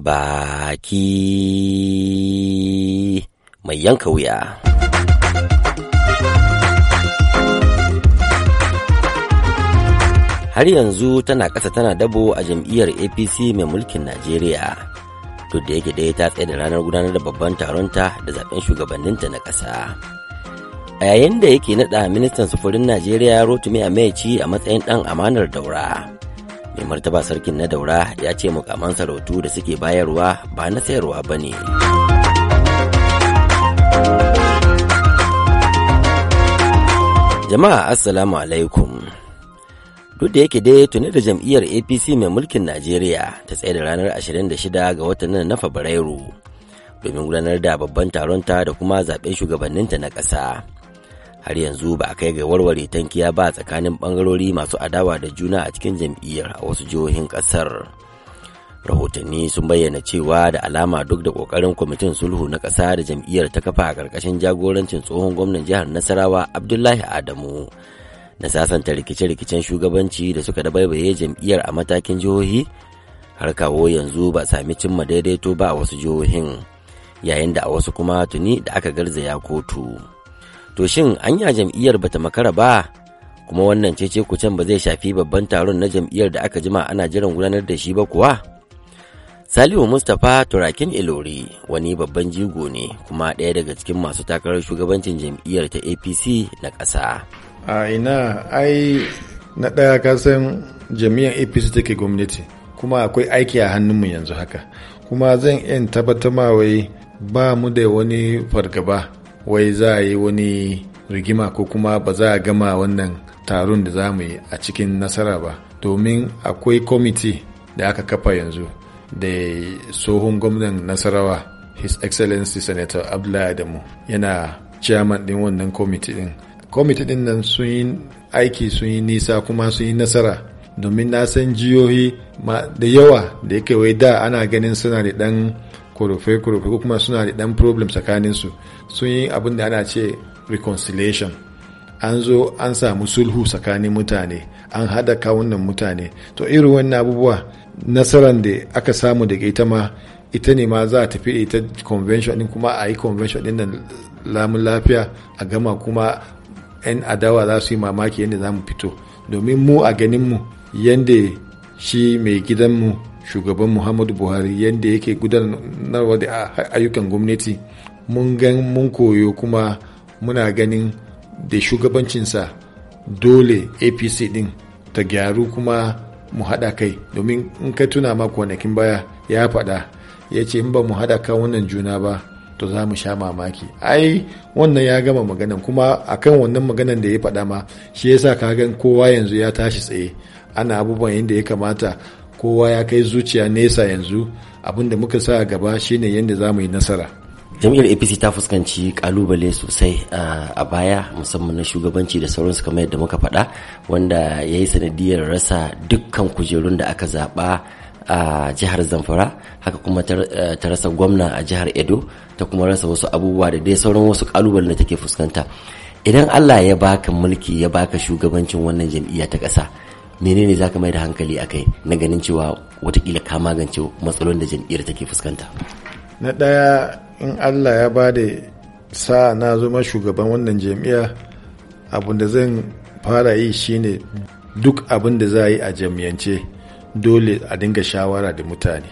baki mai yanka wuya. Har yanzu tana ƙasa tana dabo a jam'iyyar APC mai mulkin Najeriya. Duk da yake dai ta tsaye da ranar gudanar da babban taronta da zaɓen shugabanninta na ƙasa. A yayin da yake naɗa ministan sufurin Najeriya Rotimi Amechi a matsayin ɗan amanar daura. mai martaba sarkin na daura ya ce mukaman sarautu da suke bayarwa ba na sayarwa ba ne jama'a assalamu alaikum duk da yake dai tuni da jam'iyyar apc mai mulkin najeriya ta tsaye da ranar 26 ga watan nan na fabrairu domin gudanar da babban taronta da kuma zaɓen shugabanninta na ƙasa. har yanzu ba a kai ga warware tankiya ba tsakanin bangarori masu adawa da juna a cikin jam'iyyar a wasu jihohin kasar rahotanni sun bayyana cewa da alama duk da kokarin kwamitin sulhu na ƙasa da jam'iyyar ta kafa a ƙarƙashin jagorancin tsohon gwamnan jihar nasarawa abdullahi adamu na sasanta rikice-rikicen shugabanci da suka dabaibaye jam'iyyar a matakin jihohi har kawo yanzu ba sami cimma daidaito ba a wasu jihohin yayin da a wasu kuma tuni da aka garzaya kotu. to shin anya jam'iyyar bata makara ba kuma wannan cece kucen ba zai shafi babban taron na jam'iyyar da aka jima ana jiran gudanar da shi ba kuwa salihu mustapha turakin ilori wani babban jigo ne kuma ɗaya daga cikin masu takarar shugabancin jam'iyyar ta apc na ƙasa a ina ai na ɗaya ka san jami'an apc take gwamnati kuma akwai aiki a hannunmu yanzu haka kuma zan iya tabbatar wai ba mu da wani fargaba wai za a yi wani rigima ko kuma ba za a gama wannan taron da za mu yi a cikin nasara ba domin akwai kwamiti da aka kafa yanzu da tsohon gwamnan nasarawa his excellency senator abdullahi adamu yana chairman din wannan kwamiti din kwamiti din nan sun yi aiki sun yi nisa kuma sun yi nasara domin na san jihohi da yawa da ya wai da ana ganin suna da dan kurufe-kurufe ko kuma suna da dan problem tsakaninsu sun yi abin da ana ce reconciliation an zo an samu sulhu tsakanin mutane an hada kawunan mutane to irin wannan abubuwa nasarar da aka samu daga ita ma ita ne ma za a tafi ita convention din kuma a yi convention din nan lamun lafiya a gama kuma 'yan adawa za su yi mamaki yadda za mu fito domin mu a ganinmu yadda shi mai gidanmu shugaban muhammadu buhari yadda yake gudanarwa da ayyukan gwamnati mun gan mun koyo kuma muna ganin da shugabancinsa dole apc din ta gyaru kuma mu haɗa kai domin in ka tuna ma kwanakin baya ya faɗa ya ce in ba mu haɗa wannan juna ba to za mu sha mamaki ai wannan ya gama maganan kuma akan wannan maganan da ya faɗa ma shi yasa ka gan kowa yanzu ya tashi tsaye ana abubuwan yadda ya kamata kowa ya kai zuciya nesa yanzu abin da muka sa gaba shine yadda za mu yi nasara jam'iyyar apc ta fuskanci kalubale sosai a baya musamman na shugabanci da sauransu kamar yadda muka faɗa wanda ya yi sanadiyar rasa dukkan kujerun da aka zaɓa a jihar zamfara haka kuma ta rasa gwamna a jihar edo ta kuma rasa wasu abubuwa da dai sauran wasu kalubale da take fuskanta idan allah ya baka mulki ya baka shugabancin wannan jam'iyya ta ƙasa menene za ka mai da hankali a kai na ganin cewa watakila ka magance matsalolin da jam'iyyar take fuskanta na ɗaya in allah ya ba da sa na zama shugaban wannan jam'iyya abin da zan fara yi shine duk abin da za a yi a jam'iyyance dole a dinga shawara da mutane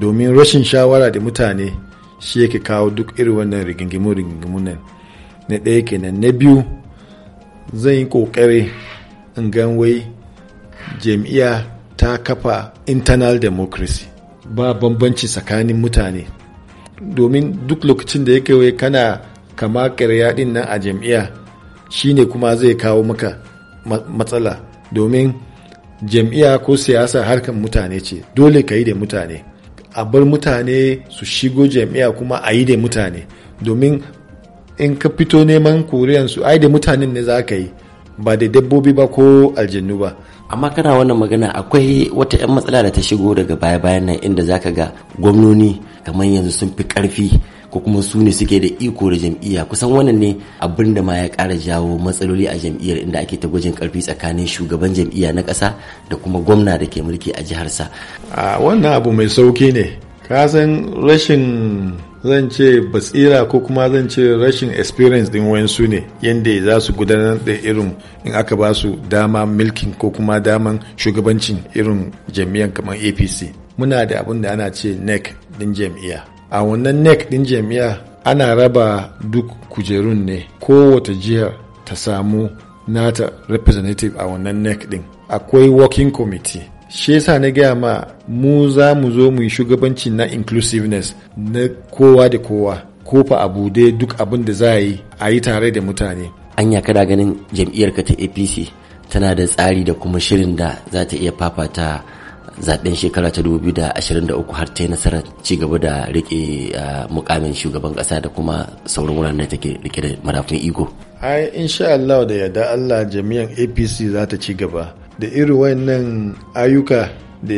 domin rashin shawara da mutane shi yake kawo duk irin wannan rigingimu rigingimu nan na ɗaya kenan na biyu zan yi ƙoƙari in gan wai jam'iyya ta kafa internal democracy ba bambanci tsakanin mutane domin duk lokacin da ya kewaye kana kama karya din nan a jam'iyya shine kuma zai kawo maka matsala domin jam'iyya ko siyasa harkar mutane ce dole ka yi da mutane a bar mutane su shigo jam'iyya kuma a yi da mutane domin in ka fito neman koriyansu ai da mutanen ne za ka yi ba da dabbobi ba ko aljannu ba amma kana wannan magana akwai wata 'yan matsala da ta shigo daga baya-bayan nan inda ka ga gwamnoni kamar yanzu sun fi karfi ko kuma su ne suke da iko da jam'iyya kusan wannan ne abin da ma ya kara jawo matsaloli a jam'iyyar inda ake ta gwajin karfi tsakanin shugaban jam'iyya na ƙasa da kuma gwamna da ke mulki a jiharsa. sa. wannan abu mai sauki ne ka san rashin zan ce basira ko kuma zan ce rashin experience din wayansu ne yadda za su gudanar da irin in aka ba su dama milkin ko kuma daman shugabancin irin jami'an kamar apc muna da abin da ana ce nec din jami'a a wannan nec din jami'a ana raba duk kujerun ne kowace jihar ta samu nata representative a wannan nec din akwai working committee shi yasa na gaya ma mu za mu zo mu yi shugabanci na inclusiveness na kowa da kowa ko fa abu dai duk abin da za a yi a yi tare da mutane anya kada ganin jam'iyyarka ta apc tana da tsari da kuma shirin da za ta iya fafata zaɓen shekara ta 2023 har ta yi nasarar ci gaba da rike mukamin shugaban kasa da kuma sauran wuraren da take rike da marafin iko ai insha Allah da yadda Allah jami'an APC za ta ci gaba da irin wayannan ayyuka da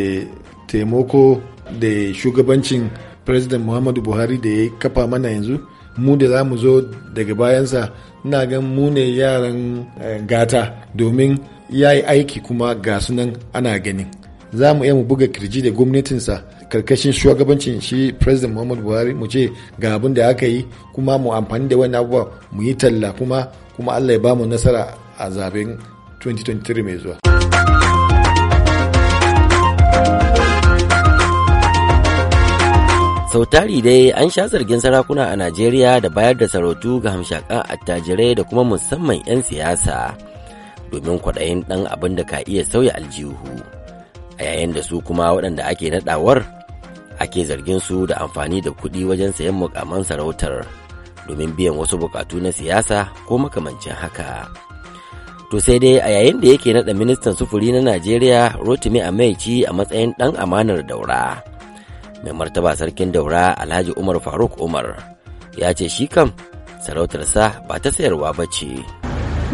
taimako da shugabancin president muhammadu buhari da ya kafa mana yanzu mu da za mu zo daga bayansa na gan mu ne yaran eh, gata domin ya yi aiki kuma ga sunan ana gani za mu iya mu buga kirji da gwamnatinsa karkashin shugabancin shi president muhammadu buhari mu ce ga abin da aka yi kuma mu amfani da wani abubuwa mu yi talla kuma kuma allah ya ba mu nasara a zaben 2023 mai zuwa sau tari dai an sha zargin sarakuna a najeriya da bayar da sarautu ga hamshakan attajirai da kuma musamman 'yan siyasa domin kwaɗayin ɗan abin da ka iya sauya aljihu a yayin da su kuma waɗanda ake naɗawar ake zargin su da amfani da kuɗi wajen sayan mukaman sarautar domin biyan wasu bukatu na siyasa ko makamancin haka to sai dai a yayin da yake naɗa ministan sufuri na najeriya rotimi amaici a matsayin ɗan amanar daura. mai martaba sarkin daura alhaji umar faruk umar ya ce shi kam sarautarsa ba ta sayarwa ba ce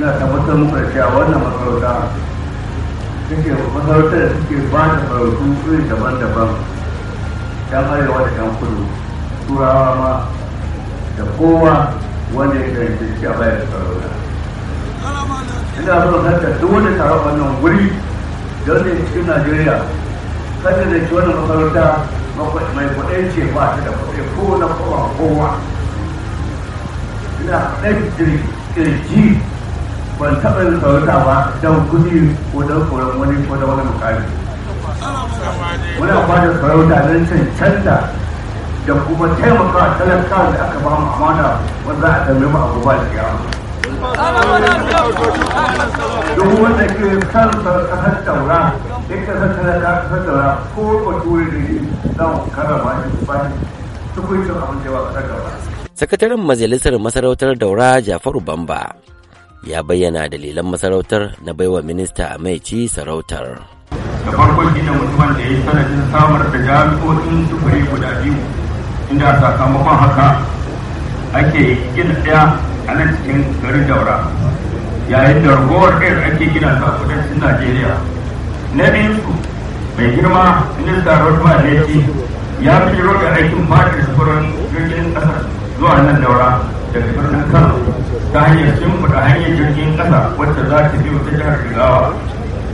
na tabbatar muku da cewa wannan masarauta suke masarautar da suke ba da farautu iri daban-daban ta arewa da kan kudu turawa ma da kowa wanda ya karanta shi a bayar da sarauta ina so haka duk wanda taron wannan wuri don ne cikin najeriya kada da shi wannan masarauta mai kwaɗai ce ba ta da kwaɗai ko na kowa kowa ina kwaɗai kirji ban taɓa yin sarauta ba don kuɗi ko don koran wani ko da wani mukami muna ba da sarauta don cancanta da kuma taimaka talaka da aka ba mu amana wanda a tambaye mu abu ba da duk wanda ke kan ta taura duk da ta ta da ko da shi shi da ba gaba. Sakataren Majalisar Masarautar Daura Jafaru Bamba ya bayyana dalilan masarautar na baiwa minista a mai ci sarautar. Da farko shi ne mutumin da ya yi sanadin samar da jami'o'in tukuri guda biyu inda sakamakon haka ake gina ɗaya a nan cikin garin daura yayin da ragowar ɗaya ake gina ta kudancin Najeriya na biyu mai girma minista rodman leci ya fi roƙa aikin fadar sufurin jirgin ƙasa zuwa nan daura daga birnin kano ta hanyar shimfiɗa hanyar jirgin ƙasa wacce za ta biyu ta jihar jigawa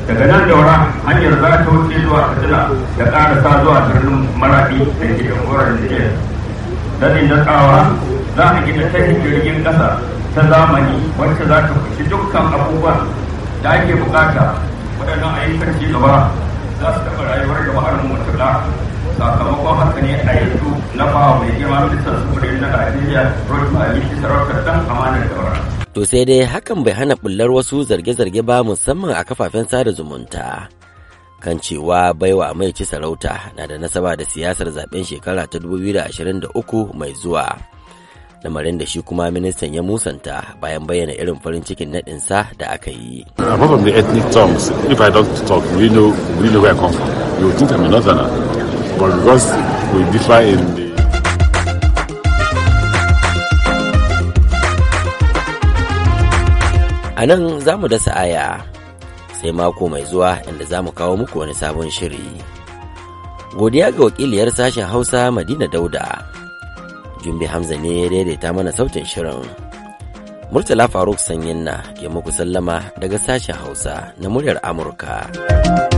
daga nan daura hanyar za ta wuce zuwa katsina da ƙarasa zuwa birnin maraɗi da ke jamhuriyar niger na tsawa za a gina tahin jirgin ƙasa ta zamani wacce za ta fushi dukkan abubuwan da ake bukata waɗannan ayyukan ci gaba za su taɓa rayuwar da har mu sakamakon haka ne a yanzu na bawa mai girma su sufurin na Najeriya Rotimi shi sarautar dan amanar wara. To sai dai hakan bai hana bullar wasu zarge-zarge ba musamman a kafafen sada zumunta. kan cewa baiwa mai ci sarauta na da nasaba da siyasar zaben shekara ta 2023 mai zuwa. lamarin da shi kuma ministan ya musanta bayan bayyana irin farin cikin naɗinsa da aka yi. a A nan za mu dasa aya sai mako mai zuwa inda za mu kawo muku wani sabon shiri. Godiya ga wakiliyar sashen Hausa Madina Dauda. Jumbe Hamza ne ya daidaita mana sautin shirin. Murtala Faruk Sanyin na ke muku sallama daga sashen Hausa na muryar Amurka.